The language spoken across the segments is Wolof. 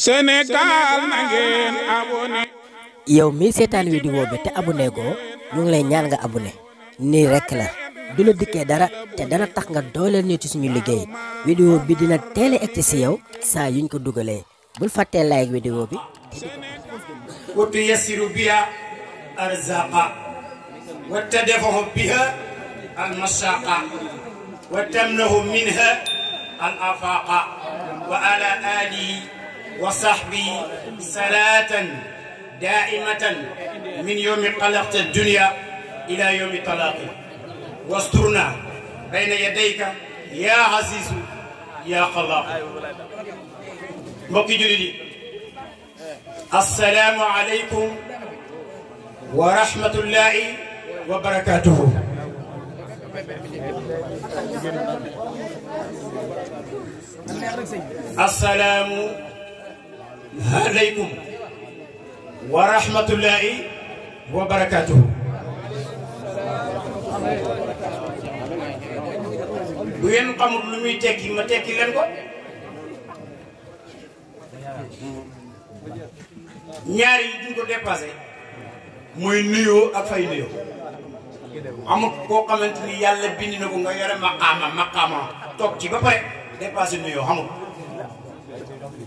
Sénégal na ngeen abonné. yow mii seetaan vidéo bi te abonné goo ñu ngi lay ñaan nga abonné nii rekk la du la dikkee dara te dana tax nga dooleel ñu suñu liggéey vidéo bi dina teel a egsi si yow saa yuñ ko dugalee bul fàttee like vidéo bi. watu yasiru biha arzaqa wata defahu biha al masaqa wa tamnahu minha al afaqa wa ala alihi وصحبي صلاة دائمة من يوم قلقت الدنيا إلى يوم طلاقي واسترنا بين يديك يا عزيز يا خلاق مكي جلدي السلام عليكم ورحمة الله وبركاته السلام hadaykum wa rahmatullahi wa barakatuhu bu ngeen xamul lu muy tekki ma tekki ko ñaar yi duñ ko dépassé ak fay nuyoo amul koo xamante ni yàlla bind na ko nga yore maqaama maqaama toog ci ba pare dépassé nuyoo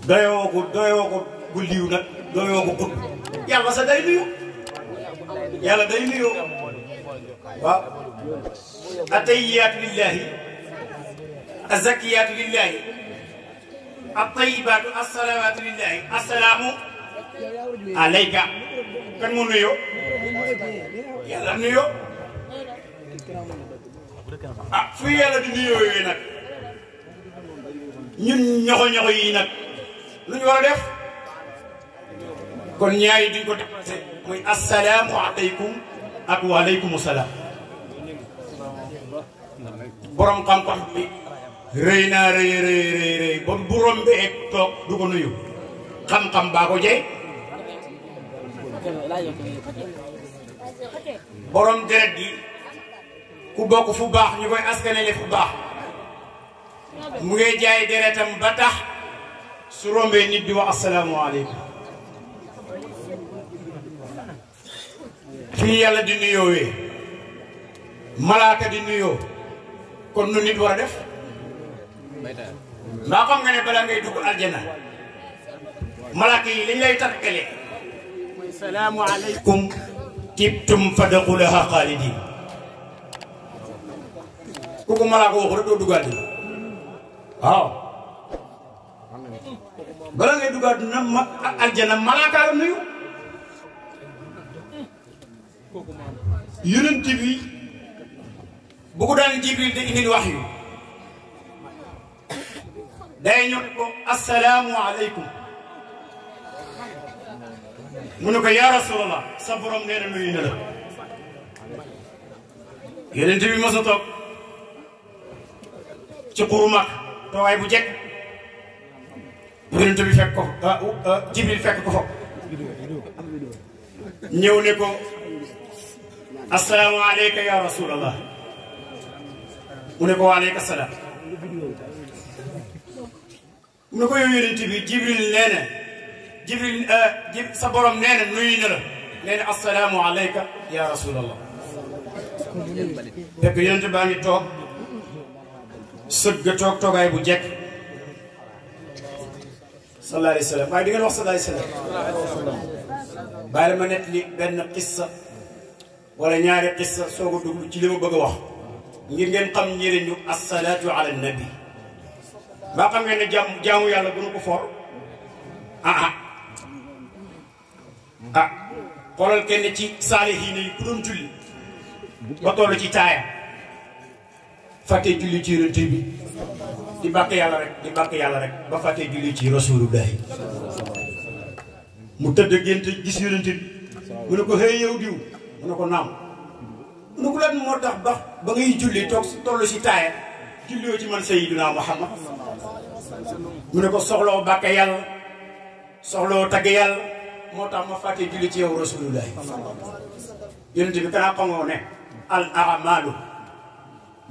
doyoo ko doyoo ko guddiw nag doyoo ko gudd yàlla sa day nuyu yàlla day nuyu waaw atayiyaatu lillahi azakiyaatu lillahi atayibaatu asalawaatu lillahi asalaamu alayka kan mu nuyo yàlla nuyo ah fu yàlla di nuyoo yooyu nag ñun ñoxo ñoxo yi nag lu ñu war a def kon ñaari duñ ko taxase muy assalaamu aleykum ak waaleykum salaam borom xam-xam bi naa rëy rëy rëy rëy ba bu rombee toog du ko nuyu xam-xam baa ko jey borom deret yi ku bokk fu baax ñu koy askanele fu baax mu ngi jaay deretam ba tax suroom rombee nit di wax asalaamualeykum fii yàlla di nuyoowee malaaka di nuyoo kon nu nit war def mbaa xam nga ne balaa dugg aljana malaaka yi liñ lay tarkale salaamualeykum tibtum fadaxulaha xaalidin ku ko malaaka waxu rek doo dugg aljana waaw bala ngay dugg àdduna ma aljana malaaka nuyu yonent bi bu ko daan jibril di indil wax yu day ñor ko asalaamu aleykum mu ne ko yaa rasulallah sa nee na nuyu na la yonent bi mos a toog ci xuru mag toowaay bu jekk السلام عليك يا رسول الله ونقول عليك السلام ونقول جبريل لنا جبريل صبرم لنا نوينا لنا السلام عليك يا رسول الله تقول انت باني توك سجد توك توك ابو جاك sallallahu alayhi wa sallam waaye di ngeen wax sallallahu alayhi wa sallam bàyyi ma nett li benn xissa wala ñaari xissa soog a dugg ci ngir ngeen xam njëriñu assalaatu ala nabi ba xam ngeen ne jàmm jaamu yàlla bu nu ko for ah ah ah xoolal kenn ci saalihiin yi ku doon julli ba toll ci taaya fàtte julli ci yonent bi di bàkk yàlla rek di bàkk rek ba fàttee julli ci rasulullahi mu tëdd gént gis yonent bi mu ne ko xëy yow diw mu ne ko naam mu ne ko soxloo bàkk yàlla soxloo tagg yàlla moo tax ma fàttee julli ci yow rasulullahi yonent kanaa xamoo al amalu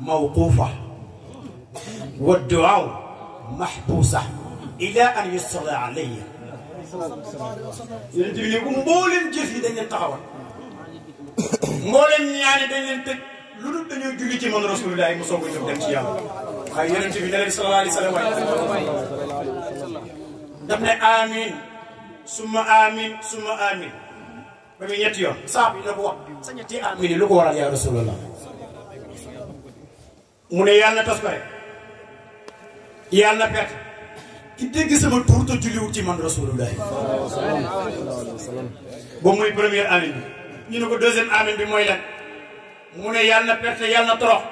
mawqufa والدعاء محبوسة إلى أن يصلى علي مولن جيسي دنيا تخوى مولن يعني دنيا تك لولو دنيا جوليتي من رسول الله مصوبة دمشيا خيرا جيسي دنيا صلى الله عليه وسلم دمنا آمين ثم آمين ثم آمين بمين يتيو صاحب لبوا سنيتي آمين لقوة يا رسول الله من يالنا تسكري yàlla bet ya. ki dégg sama tur te julliwut ci man rasulullah ba muy première amin bi ñu ne ko deuxième amin bi mooy lan mu ne yàlla na perte yàlla na torox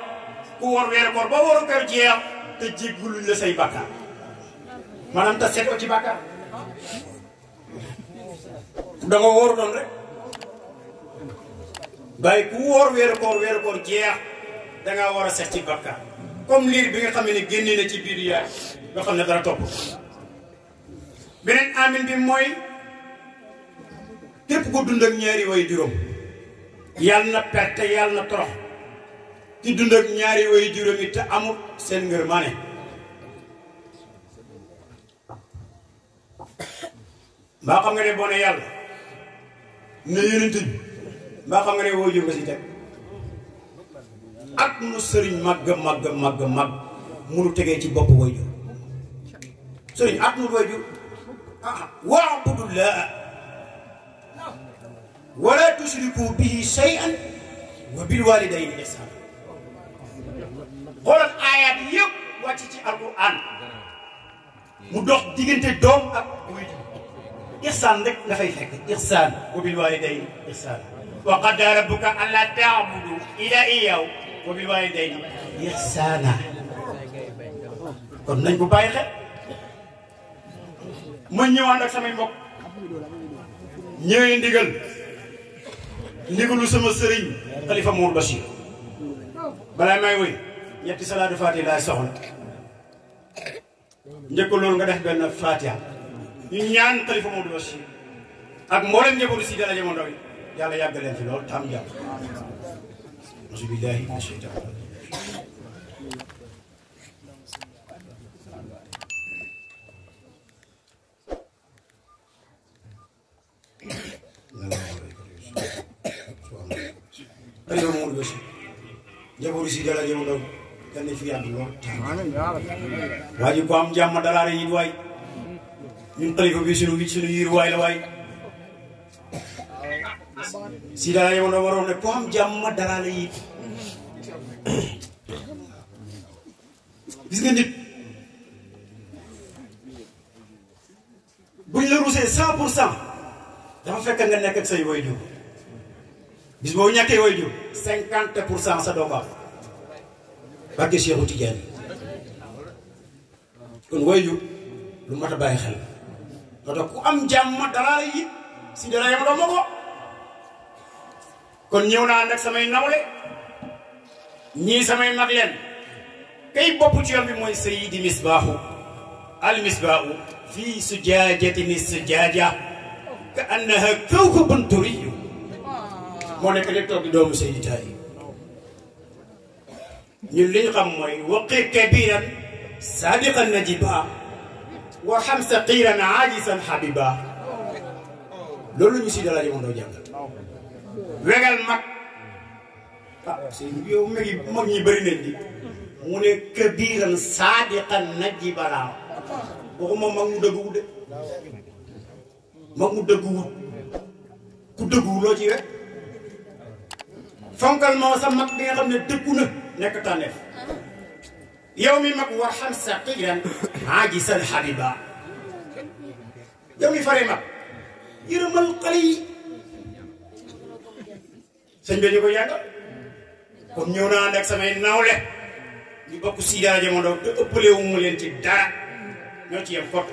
ku wor weer koor ba waru kër jeex te jégguluñ la say bàkkaar maanaam te seet ko ci bàkkaar da nga wóor doon rek bàyyi ku wóor weeru koor weeru koor jeex da ngaa war a ci bàkkaar comme liir bi nga xam ne génnee na ci biir yaay nga xam ne dara topp beneen amin bi mooy képp ku dund ak ñaari way juróom yàlla na perte yàlla na torox ci dund ak ñaari way juróom yi te amul seen ngërmaane mbaa xam nga ne bone yàlla ne yonent mbaa xam nga ne woo jur nga si teg ak nu sëriñ màgg màgg màgg màgg munu tegee ci bopp wayjur sëriñ ak nu wayjur ah wa bil walidayni ihsana xoolal aayaat yëpp mu dox diggante doom ak wayjur rek nga fay fekk ihsaan bil walidayni ihsana wa qadara rabbuka alla ta'budu illa iyyahu wa bil waalidayni ihsaana kon nañ ko bàyyi xel ma ñëwaat ak samay mbokk ñëwee ndigal ndigalu sama sëriñ xalifa Mour balaa may woy ñetti salaatu faatiha laay soxla njëkk loolu nga def benn faatiha ñu ñaan xalifa Mour Bachir ak mboolem njabootu si dara jamono yi yàlla yàgg leen fi lool tam jàpp auzu billaahi mina sheytaani rajiim jabori si dala yow ndaw yal na fi yàgg lool waa ji ko am jàmm dalaale yi waay ñun xalifa bi sunu sunu yiir waay la waay Sida yow na waroon ne ku am jàmm dara la yit gis nga nit buñ la rusee cent pour cent dafa fekk nga nekk ak say waajur bis boobu ñàkkee waajur cinquante pour cent sa doom am barke Cheikhu Tidiane kon waajur lu mat a bàyyi xel moo tax ku am jàmm dara la yit si dara yam doo ma ko kon ñëw naa ànd ak samay nawle ñii samay mag leen kay bopp ci yoon bi mooy sayidi misbaaxu al misbaaxu fii sujaajatini sujaaja ka annaha kawkabun turiyu moo nekk di toog di doomu sayida yi ñun li ñu xam mooy waqi kabiran sadiqan najiba wa xam saqiran aajisan xabiba loolu ñu si dala yi moom doo jàng wegal mag ah seen yow mag mag ñi bëri nañ di mu ne kabiran saadiqan najji balaa waxuma mag mu dëgguwut de mag mu dëgguwut ku dëgguwut loo ci fonkal moo sa mag bi nga ne dëggu na nekk tànneef yow mi mag war xam saqiran aajisan habiba yow mi fare mag yërëmal xale yi sëñ bi ñu ko yàggal kon ñëw naa ànd ak samay nawle ñu bokk Sida jamono te ëppale leen ci dara ñoo ci yem fott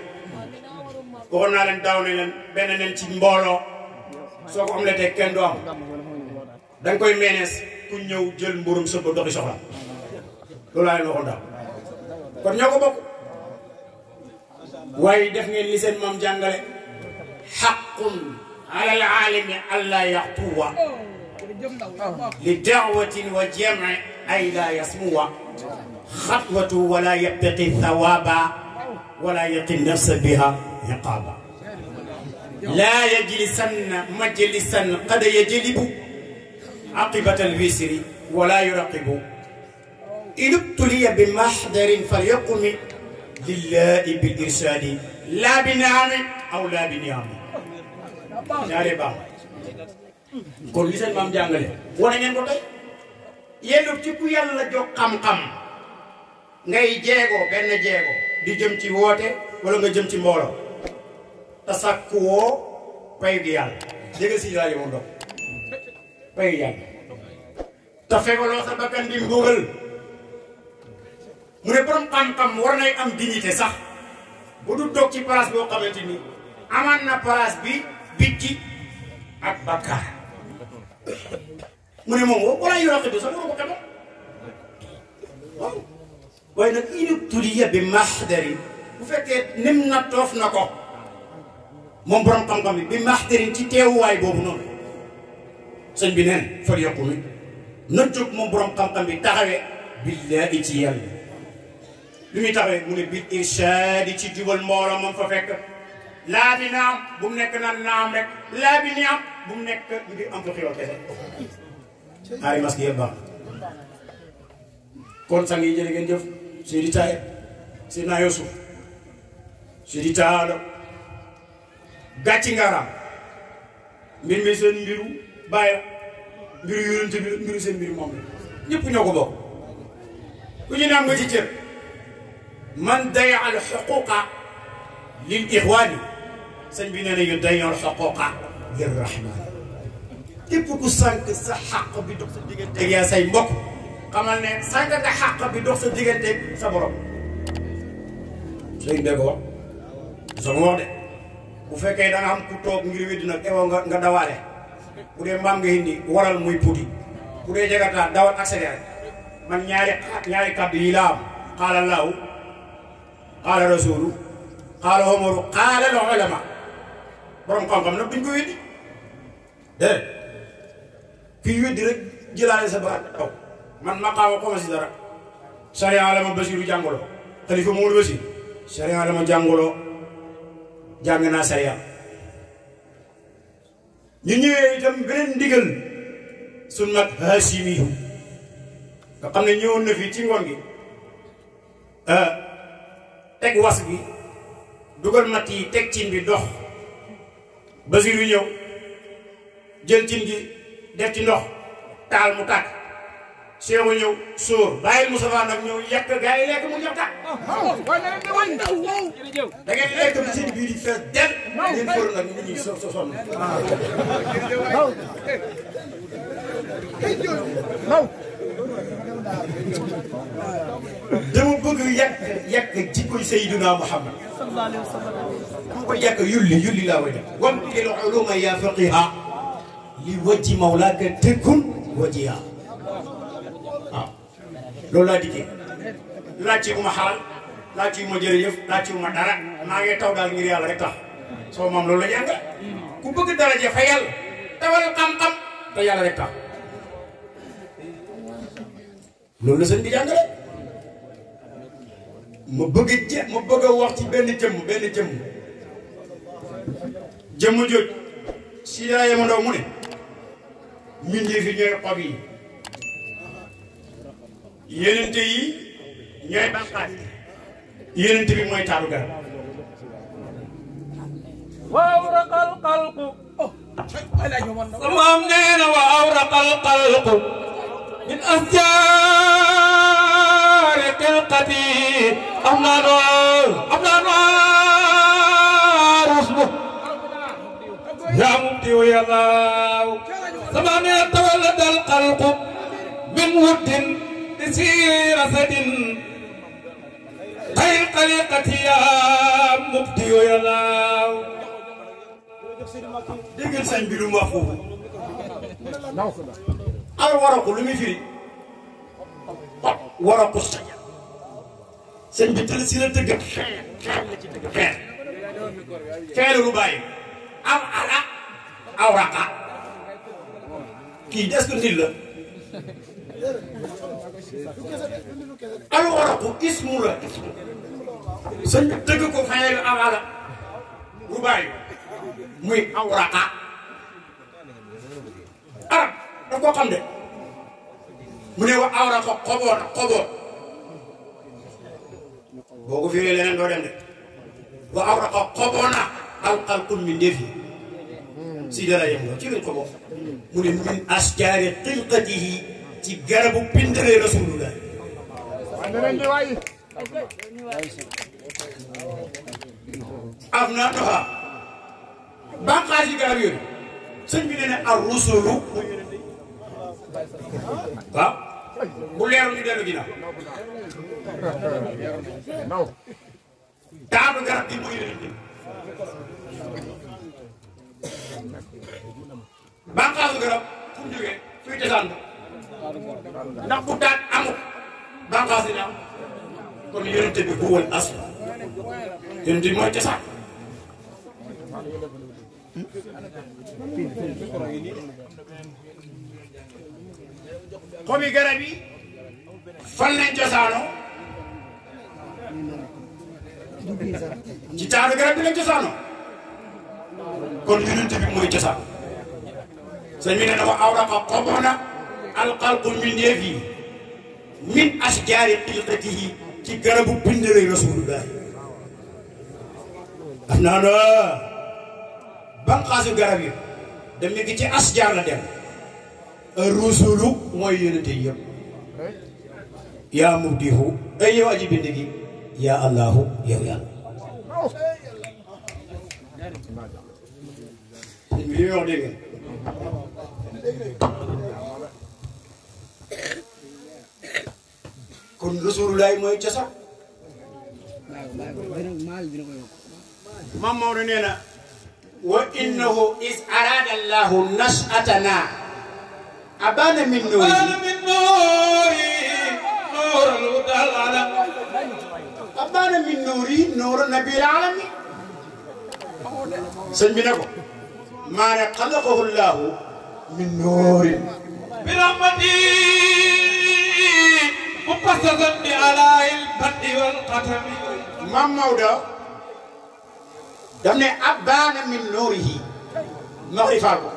waxoon naa leen daaw ne leen benn nen ci mbooloo soo ko amee tey kenn du am da koy meenees ku ñëw jël mburum sëb ba doxi soxla loolu laa leen waxoon kon ñoo ko bokk waaye def ngeen li seen moom jàngale xaqun ala al aalimi allah yaxtuwa لدعوة وجمع أي لا يسمو خطوة ولا يبتغي ثوابا ولا يقي النفس بها عقابا لا يجلسن مجلسا قد يجلب عقبة الوسر ولا يرقب إن ابتلي بمحضر فليقم لله بالإرشاد لا بنعم أو لا بنعم يا kon li mam jangale jàngale wane ngeen ko tay yéen ci ku yalla jox xam-xam ngay jeego benn jeego di jëm ci woote wala nga jëm ci mbolo ta sàkk pay yalla si yalla yow dog pay yalla ta sa bakkan di Google. mu ne borom xam-xam war nay am dignité sax bu du dog ci place bo xamanteni amana place bi bitti ak bakkar mu ne moom wala yu rafetlu sax waru ko xeebal waaw waaye nag inub tuliya bi maxdari bu fekkee nim na toof na ko moom borom xam-xam bi bi maxdari ci teewuwaay boobu noonu sëñ bi neen far yokku mi na jóg moom borom xam-xam bi taxawee billaahi ci yàlla lu muy taxawee mu ne bil irshaadi ci jubal mbooloo moom fa fekk laa bi naam bu mu na naam rek laa bi naam bu nekk ñu ngi am lu xewal kese ñaari masque yëpp baax kon sang yi jërë ngeen jëf Seydi Taye Seydina Yusuf Seydi Taala gàcci ngaaraam mbir mi seen mbiru bàyyi mbiru yurante seen mbiru moom la ñëpp ñoo ko bokk ku ñu naan nga ci man daya al xuquqa lil ixwaani sëñ bi nee na yu daya al xuquqa lir rahman képp ku sànq sa xàq bi dox sa diggante yaa say mbokk xamal ne sànq nga xàq bi dox sa diggante sa borom sëñ dégg wax sama wax de bu fekkee da nga xam ku toog ngir weddi nag ewo nga nga dawaale bu dee mbaam nga indi waral muy puti bu dee jagataa dawal accéléré man ñaari ñaari kàddu yi laa am qaala laahu qaala rasulu qaala borom xam-xam nag duñ ko weddi déedéet kuy weddi rek jëlaale sa baat taw man maqaawa xoma si dara sariya la ma basiru jànguloo xalifa moolu basir sariya la ma jànguloo jàng naa sariya ñu ñëwee itam beneen ndigal suñ mag haasimiyu nga xam ne ñëwoon na fii ci ngoon gi ah, teg was bi dugal matt yi teg cin bi dox basiiru ñëw jël cin gi def ci ndox taal mu tàkk seexu ñëw sóor bàyyil Moustapha nag ñëw yekk gaa lekk mu ñëw tàkk lekk bi seen biir yi fees del leen fóor nag ñu ñuy so so sonn naw dama bëgg yàq yàq jikkoy Seydina Muhammad ku ko yàq yulli yulli laa way def wamtil uluma ya faqiha li wajji mawlaaka tëkkun wajjiha waaw loolu laa ci bu ma xaal laaj ci bu ma jërëjëf ci bu ma dara maa ngi taw daal ngir yàlla rek tax soo moom loolu la jàng ku bëgg daraja fa yàlla tawal xam-xam te yàlla rek tax loolu la sëñ bi jàngale ma bëgg je ma bëgg a wax ci benn jëmm benn jëmm jëmm joj si daa yema mu ne ñun fi ñooy xob yi yenente yi ñooy bànqaat yenente bi mooy taaru garab waaw raqal xalqu oh, moom nee na waaw raqal xalqu من أشجار خلقتي أمنا نور أمنا نور اسمه يا مبدي ويا الله زمان يتولد القلب من ود يسير سد خير خلقتي يا مبدي ويا الله ديجل سان بيرو مخو alwaraqu lu muy firi xob waraqu sañ sëñ bi tëdd si la tëgg xeer xeer la ci tëgg xeer xeer lu bàyyi am ala awraqa kii des ko nit la alwaraqu ismu la ismu sëñ bi tëgg ko xeer am ala lu bàyyi muy awraqa arab da koo xam de mu ne wa awra ko xoboot xoboot boo ko firee leneen doo de wa awra ko xoboona alxalqun min def yi si dara yem ci luñ xoboot mu ne min asjaari xilqatihi ci garabu pindalee rasulullah am naa doxaa bànqaar yi garab yooyu sëñ bi ne ne ar bu leerul ñu dellu ginnaaw. taamu garab gi muy leen bànqaasu garab fu mu jógee fuy tesaan ndax bu daan amul bànqaas yi am kon yonente bi huwal asl yonente bi mooy tesaan xobi garab yi fan lañ cosaanoo ci taaru garab bi la cosaanoo kon yonent bi mooy cosaan sëñ bi ne na wa awraqa xoboona alxalqu mbindeef yi min asjaari xiiqatihi ci garabu bindalay rasulullah am naa na banqaasu garab yi dem ni ci asjaar la dem rusulu mooy yónnente yëpp yaa mubdihu ay yow aji yaa allahu yow yàlla li mooy cosaan maam Maodo nee na wa innahu is arada allahu nashatana أبان من نوري أبان من نوري نور الهدى العالم أبان من نوري نور النبي العالمي سنبنكو ما خلقه الله من نور برحمتي مقصدا بألاء البد والقدم مام مودا دمني أبان من نوره نغفاكم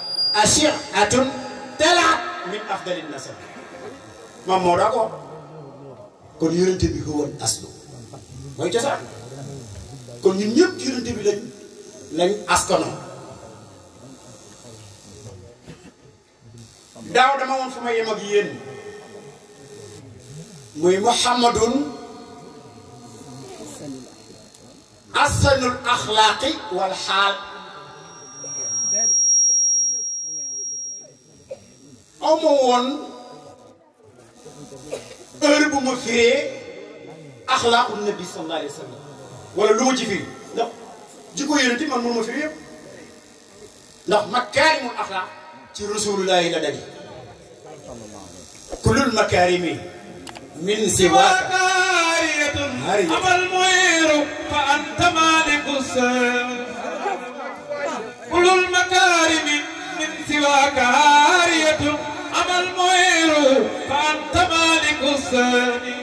أشعة تلعب من أفضل النسب ما موراكو كون يونت بي هو أصله mooy cosaan kon ñun ñëpp ci yonent bi lañ lañ askano daaw dama woon fu ma yem ak yéen muy muhammadun asanul axlaaqi wal xaal amoo woon heure bu ma firee axlaaqu nabi sallallahu alayhi wa sallam wala lu ma ci firi ndax jikko yonent man mënu ma firi yëpp ndax makaarimul axlaaq ci rasulullahi la daje kullul makaarimi min siwaaka abal muiru fa anta maliku kullul makaarimi min siwaaka المهير فأنت مالك الثاني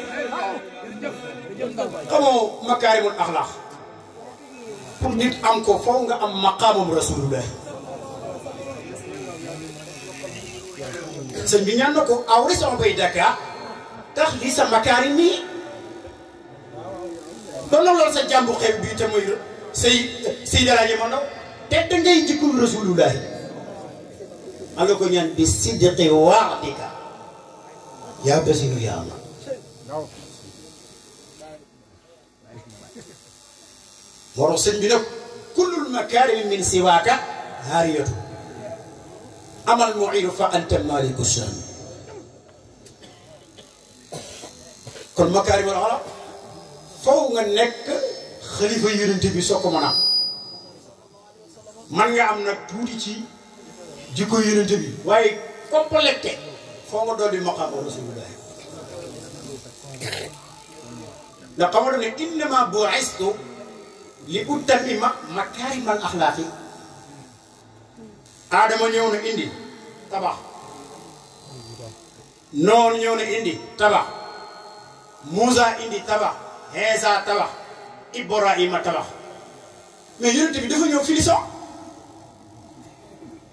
xamoo makaarimul axlaax pour nit am ko faw nga am maqaamam rasulullah sëñ bi na ko aw rison bay daka tax lii sa makaarim nii doon na sa jàmbu xew bii te muy sëy sëy daraaje ma ndaw te da jikkul rasulullah الله كن ين بصدق وعدك يا بزين يا الله ورسل بنا كل المكارم من سواك هارية أما المعين فأنت مالك الشام كل مكارم العرب فوق النك خليفة يرنتي بسوكمنا من يعمل تودي jikko yonente bi waaye complété foo nga doon di maqaama rasulullahi ndax xamoo ne innama bu'istu li utammima makaarimal axlaaqi aadama ñëw na indi tabax noon ñëw na indi tabax Muusa indi tabax Iisaa tabax Ibrahima tabax mais yonente bi dafa ñëw fii di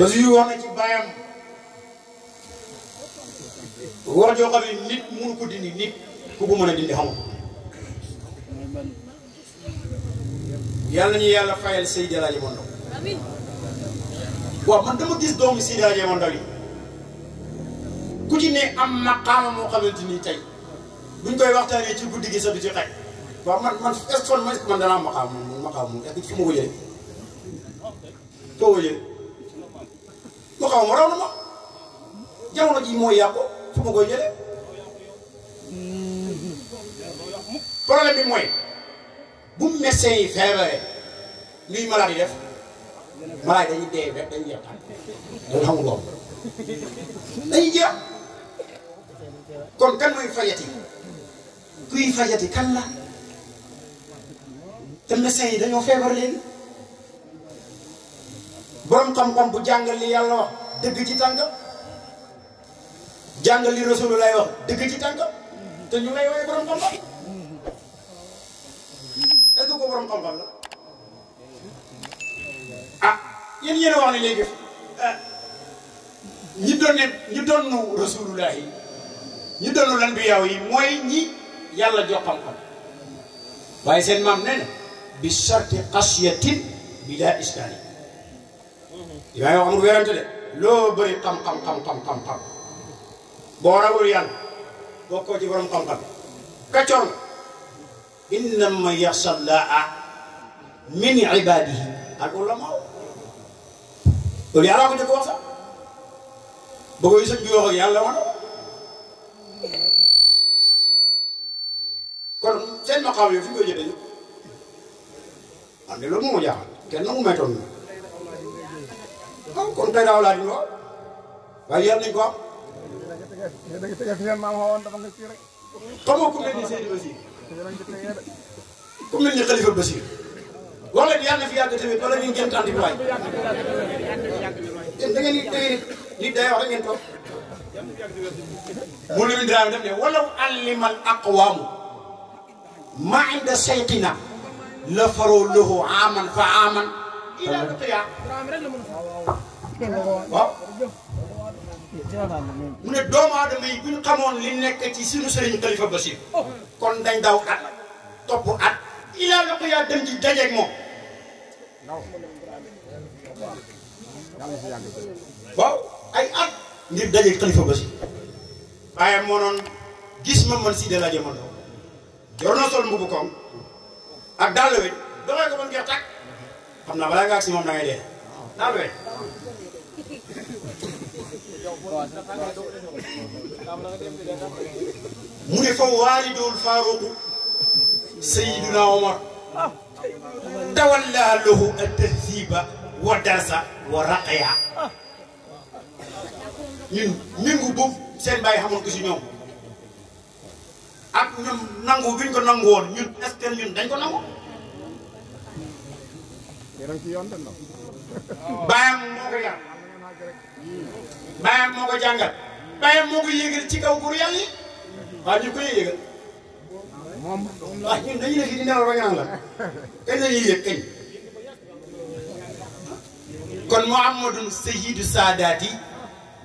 Basiiru wax na ci baayam wax joo xam ne nit mënu ko dindi nit ku ko mën a dindi xamul yàlla ñu yàlla fayal Seydi Alaaji Omar Ndaw waaw man dama gis doomu Seydi Alaaji Omar Ndaw yi ku ci ne am maqaama moo xamante ni tey buñ koy waxtaanee ci guddi gi ci xaj waaw man man est-ce man man am maqaama man maqaama moom est-ce que ma ko foo ko lu xaw ma raw na ma jamono ji mooy yàqu fu ma koy jëlee problème bi mooy bu médecin yi feebaree luy malade yi def malade dañuy dee rek dañuy jeex dañuy jeex kon kan mooy fajati kuy fajati kan la te médecin yi dañoo feebar léegi borom xam-xam bu jàngal li yàlla wax dëgg ci tànk jàngal li rasulu lay wax dëgg ci tànk te ñu lay woowee borom xam-xam la ah yéen yéen a wax ne léegi ah, ñi doon ne ñi doonu rasulullah yi doonu lan bi yaw yi mooy ñi yàlla jox xam-xam waaye seen maam nee na bi sharti qasyatin bila iskali yooyu amul werante de loo bëri xam-xam xam-xam xam-xam boo rawul yàlla bokkoo ci borom xam-xam kaccor nga innama ko jëkk wax sax kon seen maqaam yooyu fu ñu koy jëlee man de loolu moo ma jaaxal kenn nangu na ah kon tey daaw laa di ñëwaat waaye yéen nañu ko am. xamoo fi mel ni Seydi Basir. ku mel ni Khalifa Basir. wala yàlla na fi yàgg tamit wala ñu gën tànn bi waay. da ngeen di da ngeen di day wax rek ngeen toog. mu ne Ibrahima def ne walaw allimal aqwaamu ma inda sayqina la faroo lahu aaman fa aaman. ila waaw mu ne doomu aadama yi xamoon li nekk ci suñu sëriñ Xalifa Basiir kon dañ daw at topp at ilaa la ko yaa dem ci dajeeg moom waaw ay at ngir dajeeg Xalifa Basiir waaye moo noon gis ma man si de la jamono yor na sol mbubu koom ak dàll we doxee ko ba ngeex takk xam naa balaa nga ak si moom da ngay dee dàll we mu ne fa waalidul faaruqu sayiduna omar tawalla lahu atahziba wa dasa wa raqaya ñun mingu boobu seen bàyyi xamoon ko si ñoom ak ñun nangu gi ñu nangu woon ñun est ñun dañ ko nangu bàyyam moo ko yar bàyyam moo ko jàngal bàyyam yéegal ci kaw góor yàlla yi waaw ñu yéegal waaw ñun dañu ne kon Muhammadun sayyidu saadaati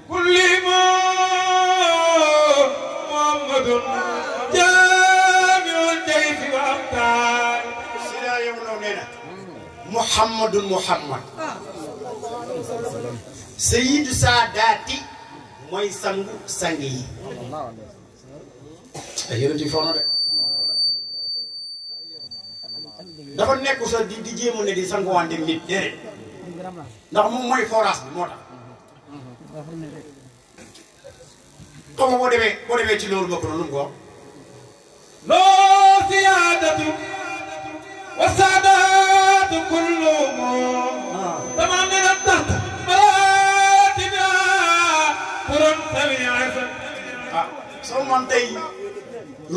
kulli ma Muhammadun jaamiul jayfi wa abtaar sila yow naw nee na Muhammadun Muhammad sayyidu saadaati mooy sangu sang yi ay yonent yi foona de dafa nekku sa di di jéemu ne di sanguwante nit déedéet ndax moom mooy forage bi moo tax xaw ma boo demee boo demee loolu bokk na lu ko loo siyaadatu wa saadaatu kulluhum tamam ah. dina tax soo moon tey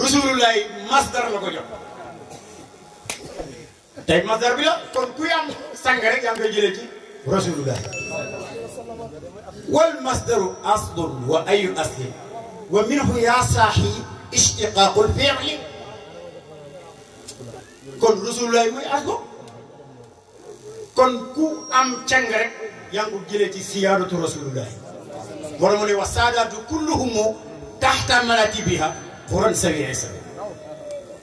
rasulullaay masdar la ko jox tey masdar bi la kon ku am sang rek yaa ngi koy jëlee ci rasulullah wal masdaru aslun wa ayu aslin wa minhu yaa saaxi ishtiqaaqul fiili kon rasulullaay mooy aslu kon ku am cang rek yaa ngi ko jëlee ci siyaadatu rasulullah wala mu wa saadaatu kulluhumu taxta maratibiha quran sawi sa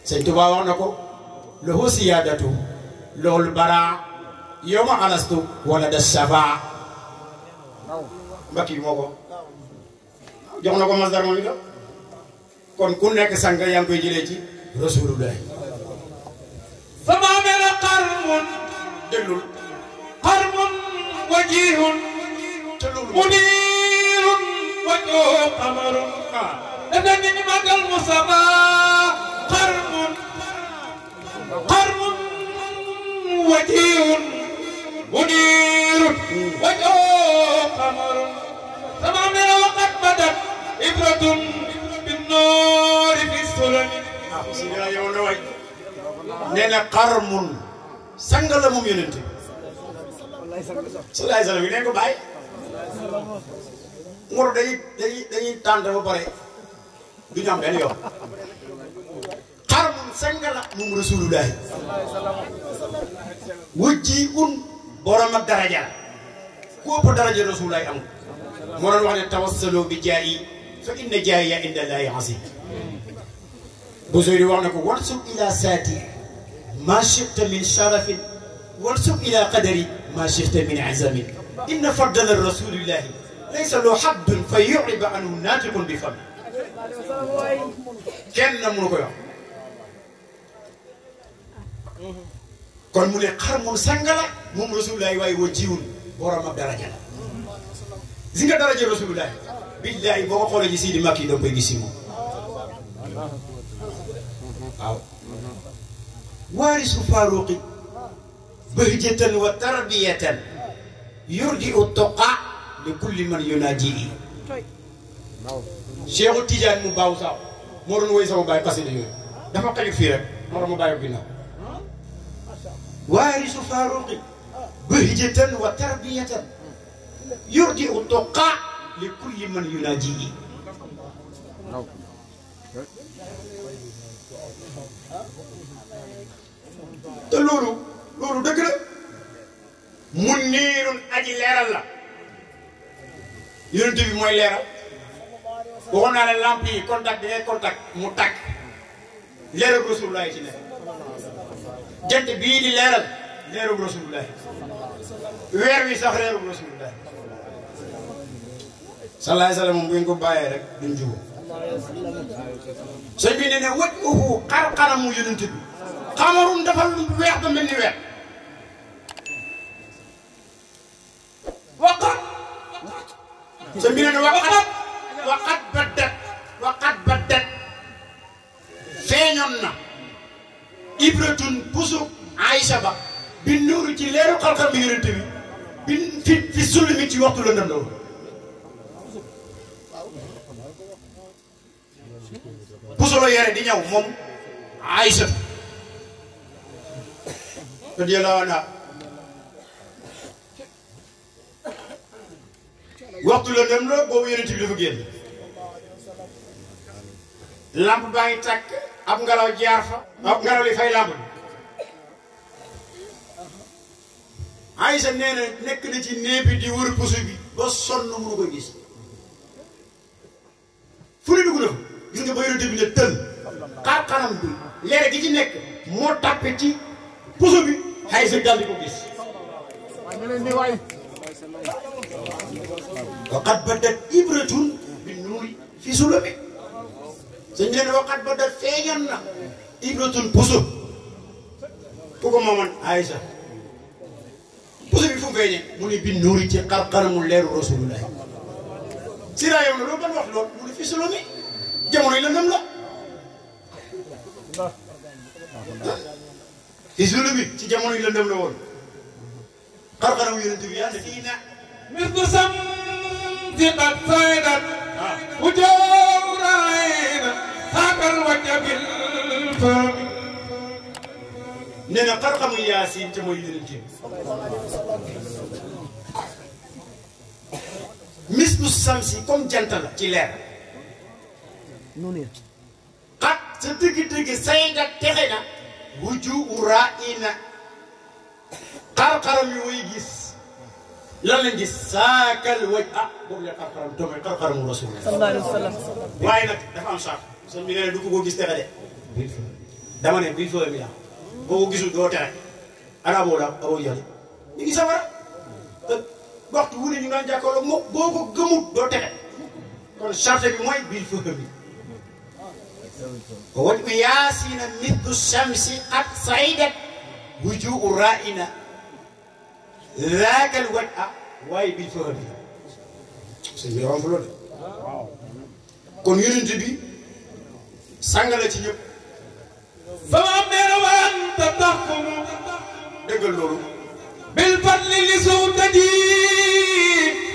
sëñ Tuba wax na ko lahu siyadatu loolu bara yowma alastu wala da shafaa mbakk yi moo ko jox na ko masdar moom itam kon ku nekk sang yaa ngi koy jëlee ci rasulullah fa ma mela qarmun déglul qarmun wajihun munirun wajhu qamarun dafa ni ñu magal Mustafa qarmun qarmun wajiun munirun wajoo qamarun sama mera waqat badat ibratun bin nuuri fi sulami sina yow na waj nee na qarmun sang la moom yonente sallallahu alayhi wa sallam ne ko bàyyi ngoro dañuy dañuy dañuy tànn dafa bare du ñu am benn yoon xarmun sangala moom rasulullahi wujji un borom ak daraja ku ëpp daraja rasulullahi amul moo doon wax ne tawassaloo bi jaayi fa inna jaayiya inda allahi asim bu sooy di wax ne ko warsub ila saati ma shita min sharafin warsub ila qadari ma shita min azamin inna faddala rasulillahi ليس له حد فيعب عنه ناطق بفم كان من غير كون مولى قرم سانغلا موم رسول الله واي وجيون بورام درجه لا زيغا درجه رسول الله بالله بو خول جي سيدي مكي دا بي غيسي مو وارث فاروق بهجه وتربيه يرجئ التقى li kulli man yunaaji Cheikhu Tidiane mu baaw saaw moo doon woy sama baay xasida yooyu dafa xajul fii rek moo doon ma bàyyi ginnaaw waarisu faaruqi bahjatan wa tarbiyatan yurdiu toqa li kulli man yunaaji te loolu loolu dëgg la mu niirun aji leeral la yonent bi mooy leeral waxoon naa ne lamp yi contact bi ngay contact mu tàkk leeral rasulullahi ci nekk jant bii di leeral leeral rasulullahi weer wi sax leeral rasulullahi salaay salaam moom bu ñu ko bàyyee rek duñ jubóo sëñ bi nee na wët uhu xar xaramu yonent bi xamarum dafa lu weex ba mel ni weer waqat sëñ bi na waxat waxat ba det waxat ba det feeñoon na ibratun pusu Aïcha ba bi nuuru ci leeru xalxal bi yonente bi bi fi fi sulmi ci waxtu la ndandoo pusu la yore di ñëw moom Aïcha radiyallahu waxtu la dem la boobu yonent bi dafa génn lamp baa ngi tàkk ab ngelaw jaar fa ab ngelaw li fay lamp bi Aysa nee na nekk na ci néeg bi di wër pusu bi ba sonn mënu ko gis fu ne dugg na gis nga ba yonent bi ne tël xaar xanam bi leere gi ci nekk moo tàppe ci pusu bi Aysa dal di ko gis waqat ba dat ibratun bi nuuri fi sulami sëñ leen waqat ba dat feeñoon na ibratun puso ku ko moomoon Aïcha puso la nam ci jamono yi la nam woon xarxanamu yonent bi yàlla fii na قد صيدت وجور عين ساكر وجه بالفم nee na xarxamu yaasin te mooy yonent bi mislu samsi comme jant la ci leer xat sa dëgg-dëgg sayda texe na wuju ura ina lan lañ gis saakal waj ah boobu la xarxaram toog mooy xarxaramu rasulullah sallallahu alayhi wa waaye nag dafa am saako sëñ bi nee na ko gis texe de dama ne bii fële bi boo ko gisul doo tere ana boo daal awo yàlla ñu ngi sawara waxtu wu ne ñu naan moo boo ko gëmut doo texe kon charte bi mooy bil fële bi waj yaasina mittu shamsi qad saidat wuju u raina laakal wat ah waaye bil fa ëpp sëñ bi dafa am de kon yonent bi sàng la ci ñëpp. fa ma mel waan te tax ko mu dëggal loolu. bil fadli li suuf tëddi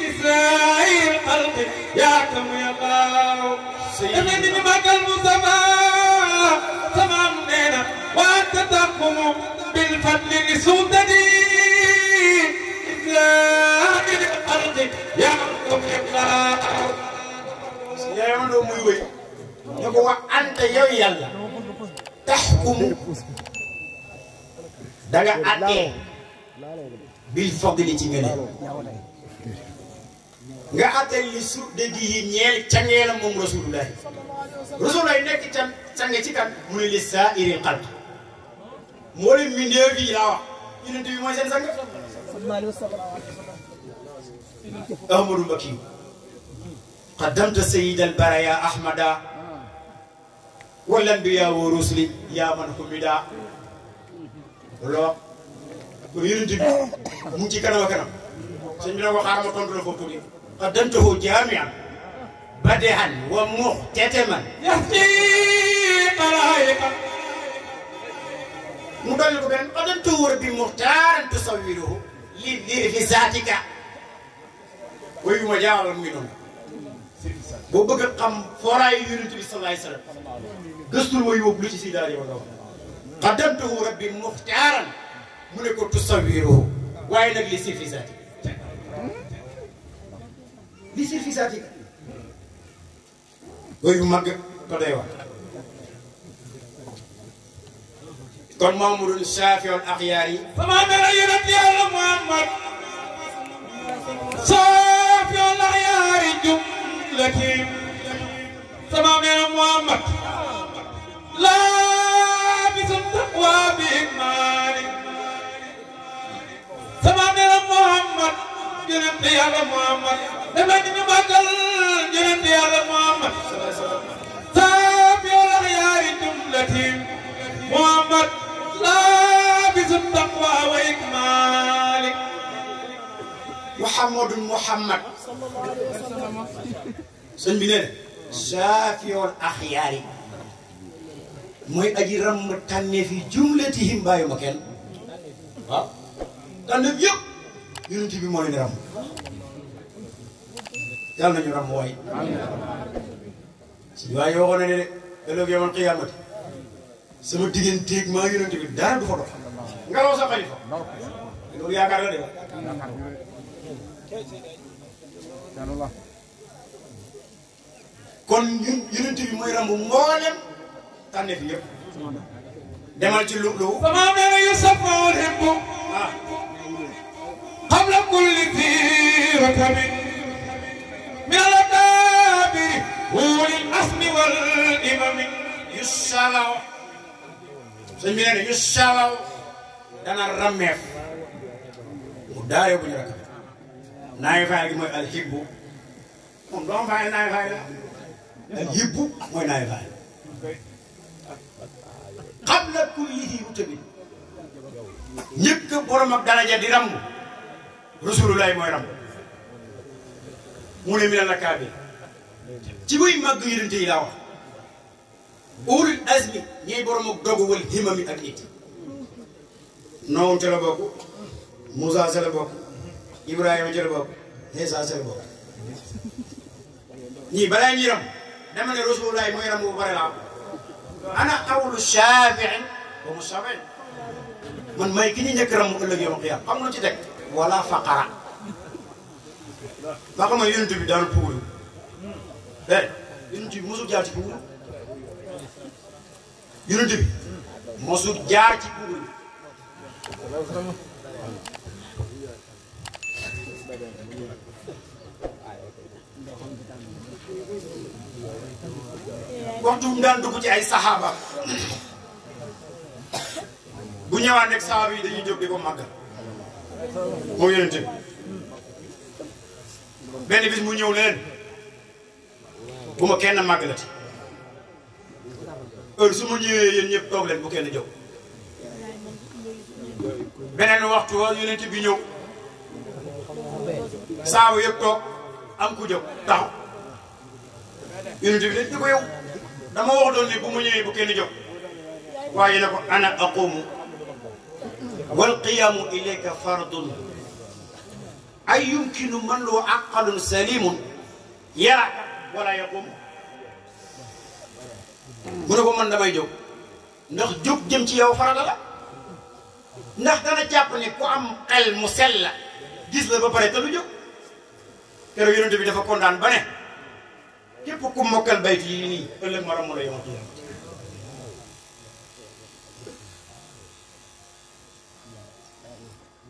Israaïl xalqi yaakaar mu yàllaaw. sëñ bi dafay dindi màggal Mustafa sama am nee na waan te tax ko mu bil fadli li suuf tëddi لله الأرض يعقب إبلاه يا من دوم وي نكو أنت يا يلا تحكم دغا أتي بالفضل تيغني nga àttal li suuf de yi ñeel cangeelam moom rasulullahi rasulullahi nekk can cange ci kan mu ne li saa iri xalq moo leen mbindeef yi laa wax yonent bi mooy seen Ahmadou Mbacké qaddamta sayyida al-baraa yaa Ahmada wal anbiyaa wa rusli yaa man humida loo ko yonent bi mu ngi ci kanam a kanam sëñ bi na ko xaaral ma tontu la ko tuuti qaddamtahu jaami'an badi'an wa muhtataman yahdi qalaa'iqa mu dolli ko benn qaddamtahu rabbi muhtaaran tusawiruhu للذي في ساعتك ويوم جاء منهم boo bëgg a xam fooraayu yonent bi salaay salaam gëstul way woobu lu ci si daal yow la wax xaddamtuhu rabbi muxtaaran mu ne ko tusawiruhu waaye nag li sirfisaati li sirfisaati wayu mag ko day wax kon Mamadou Saafiul axyaar yi. sama mel ak yonent yàlla Muhammad. Saafiul axyaar yi jumlati. sama mel ak Muhammad. laabisu taqwa bi imaani. sama mel ak Muhammad. yonent yàlla Muhammad. dama ni ñu màggal yonent yàlla Muhammad. Saafiul axyaar yi jumlati. Muhammad. muhammadun muhammad sëñ bi nee saafiyool axyaari mooy aji ràmm tànneef yi jumletihim bàyyi ma kenn waaw tànneef yëpp yonent bi moo leen ràmm yàlla nañu ràmm waay suñu waaye waxoon na ne de ëllëg yawmal qiyaamati sama digganteeg maa yonent bi dara du fa dox nga wax sa xalifa loolu yaakaar la de kon ñun bi mooy rambu mboolem tànneef yëpp demal ci lub lub sama mera yu safoo hembu xam la kulli tiira tamit min ala taabiri asmi wal imami yu salaw sëñ bi nee yu salaw dana rammeef mu daaree bu ñu rakk naay faay gi mooy alxibbu moom mooy naay faay xam la ku lii yu tamit borom ak daraja di ramb rasulullah mooy ramb mu ne mi na nakkaa bi ci buy màgg yërënte yi laa wax ulul azmi ñooy borom ak dogu wal himami it noonu ca la bokk Ibrahima ci la bokk Iisaa ci la bokk ñii balaa ñuy ram dama ne Rasulullaah mooy ram bu bare laa ana qawlu shaafi'in wa mustafin man may ki ñu njëkk ram mu ëllëg yow qiyaam xam nga ci teg wala faqara ba xam nga yonent bi daal puuru eh yonent bi mosul jaar ci puuru yonent bi mosul jaar ci puuru waxtu mu daan dugg ci ay saxaaba bu ñëwaan rek saxaaba yi dañuy jóg di ko màggal moo yonente bi benn bis mu ñëw leen bu ma kenn màggalati heure su ma ñëwee yéen ñëpp toog leen bu kenn jëw beneen waxtu wa yonente bi ñëw saxaaba yëpp toog am ku jëw taxaw yonente bi leen ñu dama wax doon ni bu mu ñëwee bu kenn jóg waaye ne ko ana aqumu wal qiyaamu ilayka fardun ay yumkinu man loo aqalun salimun yara wala yaqum mu ne ko man damay jóg ndax jóg jëm ci yow farata la ndax dana jàpp ne ko am xel mu sell la gis la ba pare te lu jóg keroog yonent bi dafa kontaan ba ne képp ku mokkal bayt yi nii ëllëg maram mu la yomati yam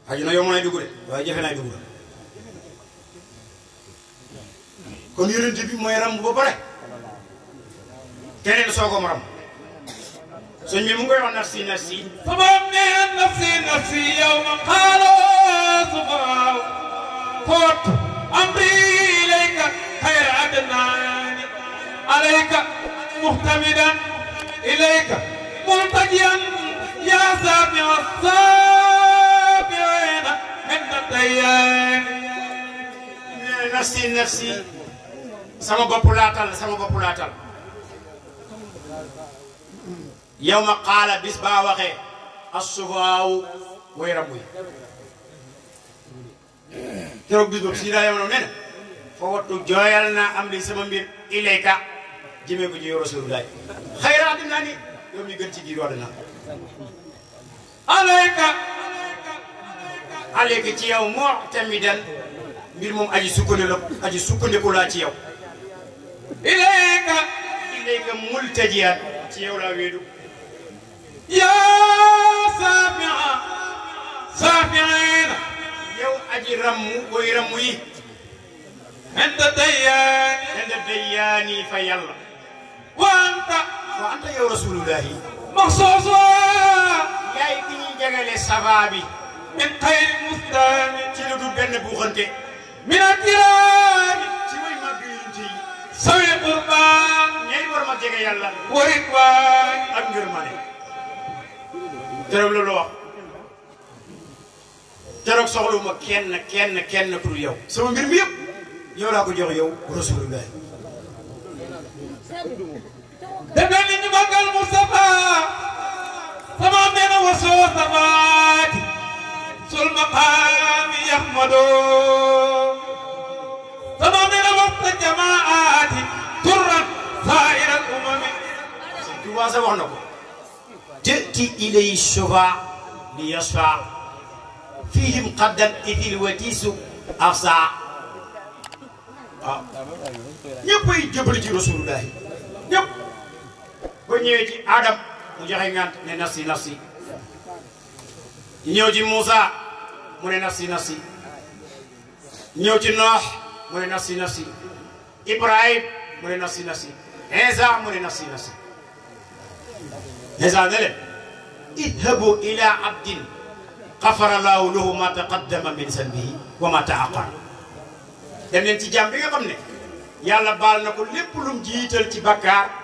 xaju na yomb nay dugg de waaye jafe nay dugg de kon yonent bi soo ko mu ramb sëñ mu ngi koy wax nafsi nafsi sabab ne nafsi nafsi yow ma xaaloo subaaw koot amri ilayka xayra عليك مهتمدا اليك ملتجيا يا سابع السابعين عند التيار نفسي نفسي سما بقولاتل سما بقولاتل يوم قال بسبا وخي السفاو ويربوي تروك بسبا سيدا يوم نمين فوتو جويلنا أملي سبا مير إليكا jëmee ko ci yow rasulullaay xayraati yow mi gën ci giir alayka alayka ci yow mu'tamidan mbir moom aji sukkandiku la aji sukkandiku laa ci yow ilayka ilayka multajiyan ci yow laa wéedu yaa saafia saafiina yow aji rammu woy rammu yi inda dayyaani inda dayyaani anta wa anta yow rasulullahi maxsuusa yaay ki ñuy jegale safaa bi min xayri mustaami ci lu benn buuxante min adiraami ci way mag yi sawi qurbaan ñay war ma jege yàlla wa ridwaan ak ngërmane jërëb loolu wax jarog soxlu ma kenn kenn kenn pour yow sama mbir mi yëpp laa ko jox yow rasulullahi te mel ni ñu màggal Moustapha sama am nee na wasoo samaati sul maqaami yahmado sama am nee na wasta jamaati turran saa'ira al umami ci waasa wax na ko تأتي إليه الشفاع ليشفع فيهم قدم إذ الوتيس أفزع يبقى يجبل رسول الله يبقى ba ñëwee ci Adam mu joxe ngant ne nafsi nafsi ñëw ci Moussa mu ne nafsi nafsi ñëw ci Noox mu ne nafsi nafsi Ibrahim mu ne nafsi nafsi Isa mu ne nafsi nafsi Isa ne leen idhabu ila abdin xafara laahu lahu ma taqaddama min zanbihi wa ma taaqar dem leen ci jàmm bi nga xam ne yàlla baal na ko lépp lum jiital ci bakkaar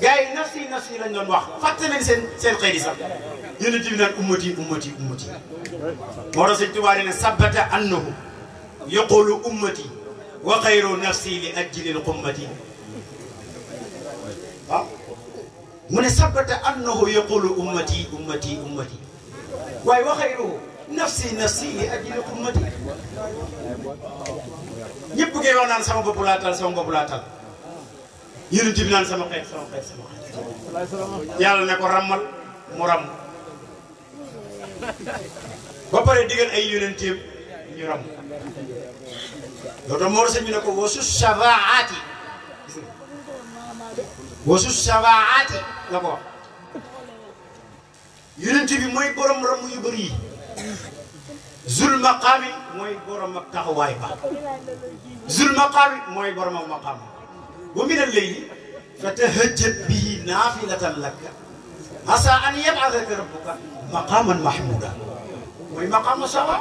gars yi nafsi nafsi lañ doon wax fàtte nañ seen seen xëy di sax yonent bi naan ummati ummati ummati moo tax sëñ Tuubaa ne sabata annahu yaqulu ummati wa xayru nafsi li ajlil qummati waaw mu ne sabata annahu yaqulu ummati ummati ummati waaye wa xayru nafsi nafsi li ajlil qummati ñëpp ngay wax naan sama bopp laa tal sama bopp laa tal yonent bi naan sama xeet sama xeet sama xeet yàlla ne ko ràmmal mu ràmm ba pare digal ay yonenteem ñu ràmm dootoo moor sëñ bi ko wasu shafaati gis nga wasu shafaati la ko wax mooy borom ràmm yu bëri yi zul maqaami mooy borom ak taxawaay ba ومن الليل فتهجد به نافلة لك عسى أن يبعثك ربك مقاما محمودا مقام سوا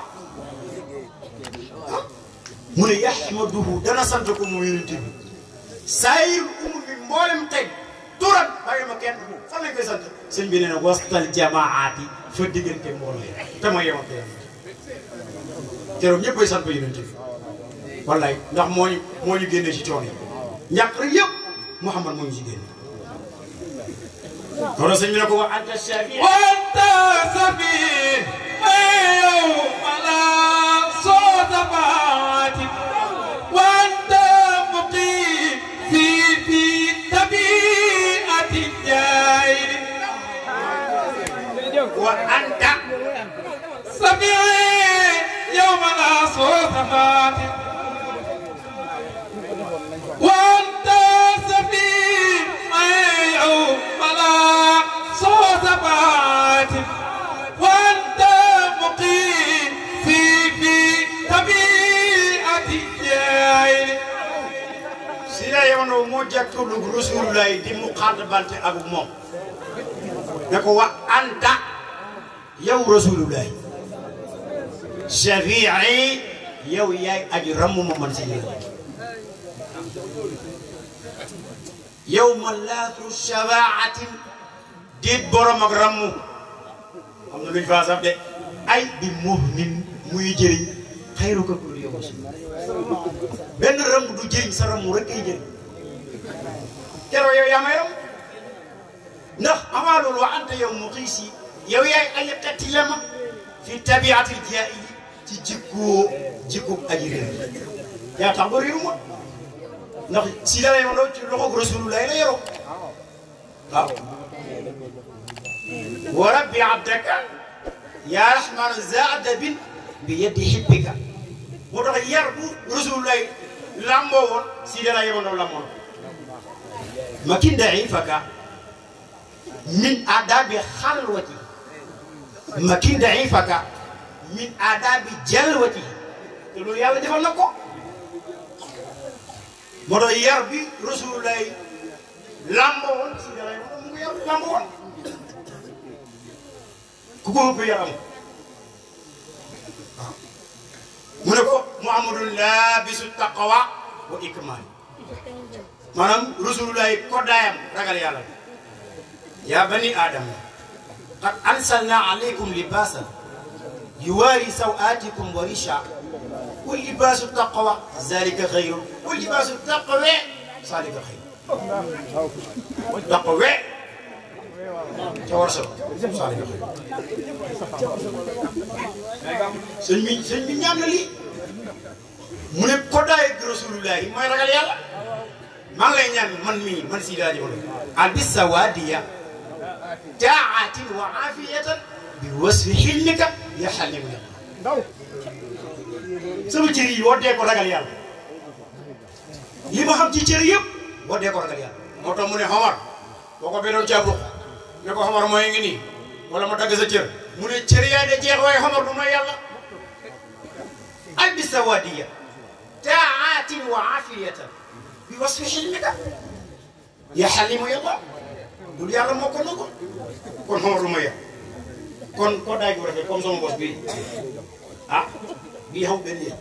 من يحمده دنا سنتكم ويرتب ساير أم مولم تك ترد باي مكان فلا كيسنت سنبينا وسط الجماعات fa diggante mbool leen te ma yeewa tey keroog ñëpp bay sant ba yonent bi wallaay ndax moo njàq rek yëpp Mouhamad moo ñu si génne. loolu sëñ bi ne ko wa anta safi wa anta safi may yow mala soo tabaati wa anta muqi fi fi tabiati jaayil wa anta safi yow mala soo tabaati الثبات وأنت مقيم في في طبيعة الجاهل سيدا يونو موجك كل رسول الله دي مقاربة أبو مو نكو أنت يا رسول الله شفيعي يو ياي أجرم من سيدي يوم لا ذو شفاعة tiit borom ak ràmmu xam na de ay bi muux nin muy jëriñ xayru ko pour yow benn ràmmu du jëriñ sa ràmmu rek ay jëriñ yaa may ràmm ndax loolu wa anta yow mu xiis yi yow yaay aji xetti la ma fi tabiatil jaa yi ci jikkoo jikko aji yaa tax ba ma ndax si dalay ma doo ci loxoog la yoroo وربي عبدك يا رحمن زاد بن بيد حبك ودغ يربو رسول الله لامو سيدنا يمن لامو ما مكين ضعيفك من آداب خلوتي ما مكين ضعيفك من آداب جلوتي تقول يا ولدي na ko moo رسول الله لامو سيدنا làmba لامو ku ko ëpp yaram waaw mu ne ko muhammadun laabisu taqwa wa ikmaal maanaam rasulullahi koddaayam ragal yàlla yaa bani aadama qad ansalna alaykum libaasan yuwaari sawaatikum wa risha wa libaasu taqwa zalika xayru wa libaasu taqwa zalika xayru taqwa cawarso saali nga xëy sëñ bi sëñ bi ñaan na lii mu ne ko daay rasulullah yi mooy ragal yàlla maa ngi lay ñaan man mii man ya xalimna sama cër yi woo dee ko ragal yàlla li ma xam ci cër yëpp ne ko xamar mooy ngi nii wala ma dagg sa cër mu ne cër yaa de jeex waaye xamar du mooy yàlla albi sawadiya taatin wa afiyatan bi wasfi xilmika ya xalimu yàlla dul yàlla moo ko nangu kon xamar mooy yàlla kon ko daay bu rafet comme sama bos bii ah bii xam benn yéen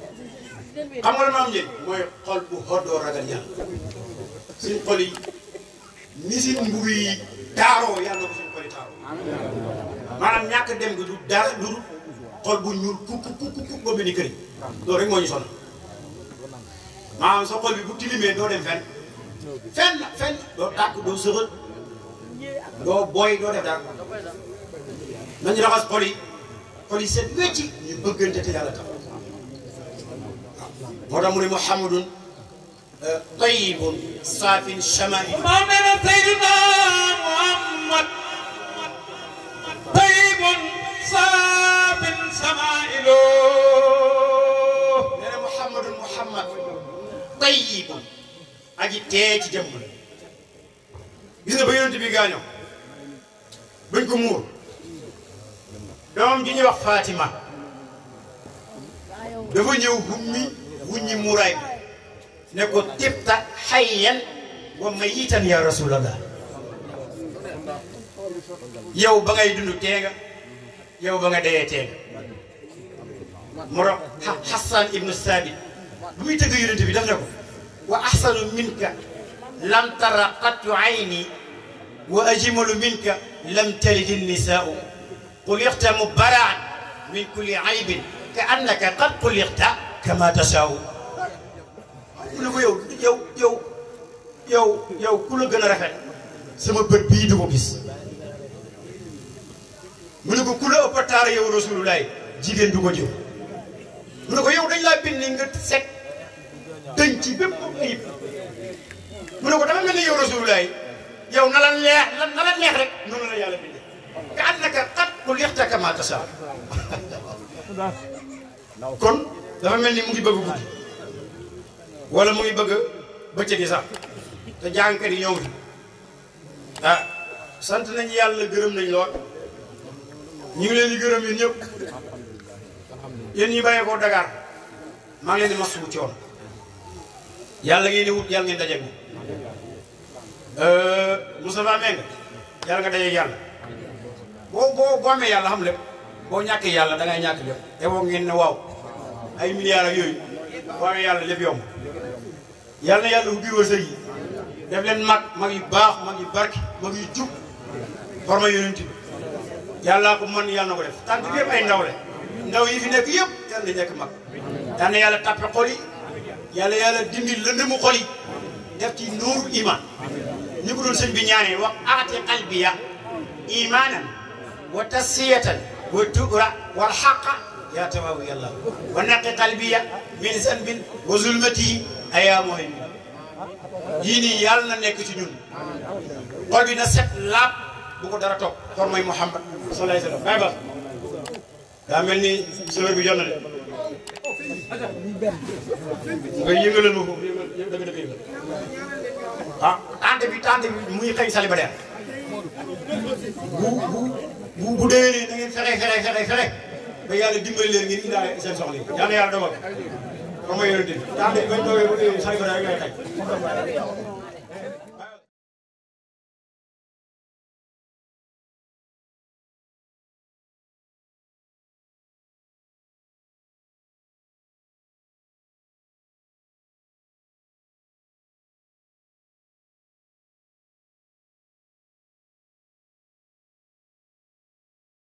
xam nga la maam mooy xol bu xoddoo ragal yàlla suñ xol yi misin taaroo yàlla na ko suñu koy taaroo maanaam ñàkk dem gi du dara lu dul xol bu ñuul kukk kukk kukk ba benn kër loolu rek moo ñu sonal maanaam sa xol bi bu tilimee doo dem fenn fenn fenn doo tàkk doo sëxal doo booy doo def dara nañu raxas xol yi xol yi seet wecci ñu bëggante te yàlla tax moo tax mu ne طيب صاف الشمائل محمد سيدنا محمد طيب صاف الشمائل أنا محمد محمد طيب aji teeci jëmm la gis nga ba yonent bi gaañoo bañ ko muur doom ji ñuy wax Fatima dafa ñëw hummi wuññi muuraay bi نكو تبتا حيا وميتا يا رسول الله يو بغي يدنو تيغا يو بغي دي تيغا مرق حسان ابن الثابت بمي تغي يرنتبي دفنكو وأحسن منك لم ترى قط عيني وأجمل منك لم تلد النساء قل يختم برعا من كل عيب كأنك قد قلقت كما تشاء ne ko yow yow yow yow yow gën a rafet sama bët ne ko ku la ëpp taar ko yow dañ laa bind nga set dañ ci bépp ayib ko dafa mel ni yow na la neex na la yàlla bindee ka kon dafa mel ni mu ngi bëgg guddi wala muy bëgg bëccëg gi sax te jàngkat yi ñëw ah sant nañ yàlla gërëm nañ lool ñu ngi leen di gërëm yéen ñëpp yéen ñi bàyyee ko Dakar maa ngi leen di masuwu ci woon yàlla ngeen di wut yàlla ngeen daje euh, Moustapha Meng yàlla nga daje yàlla boo boo boo amee yàlla xam lépp boo ñàkkee yàlla da ngay ñàkk lépp te boo ngeen ne waaw ay milliards ak yooyu boo amee yàlla yal na yàlla ubbi wërsëg yi def leen mag mag yu baax mag yu barke mag yu jub forma yonent bi yàlla ko mën yàlla na ko def tànk bi yëpp ay ndaw la ndaw yi fi nekk yëpp yàlla nekk mag yal na yàlla tàppe xol yi yàlla yàlla dindi lëndëmu xol yi def ci nuur iman ni ko doon sëñ bi ñaanee wax aati qalbiya imanan wa tasiyatan wa tuura wal xaqa yaa tawaabu yàlla wa naqi qalbiya min zanbin wa zulmatihi ayaa mooy yii yàlla na nekk ci ñun xol bi na set laab bu ko dara topp xor mooy Muhammad sallallahu alayhi wa sallam ba daa mel ni sëwër bi jot na de nga yëngalal ma ko ah tante bi tante bi muy xëy célibataire bu bu bu déwénee da ngeen fexe fexe fexe fexe ba yàlla dimbali leen ngeen indaale seen soxla yi na yàlla dogal ba ma yónni. daa nekk bañ toogee ba léegi xale ko daal ngay teg.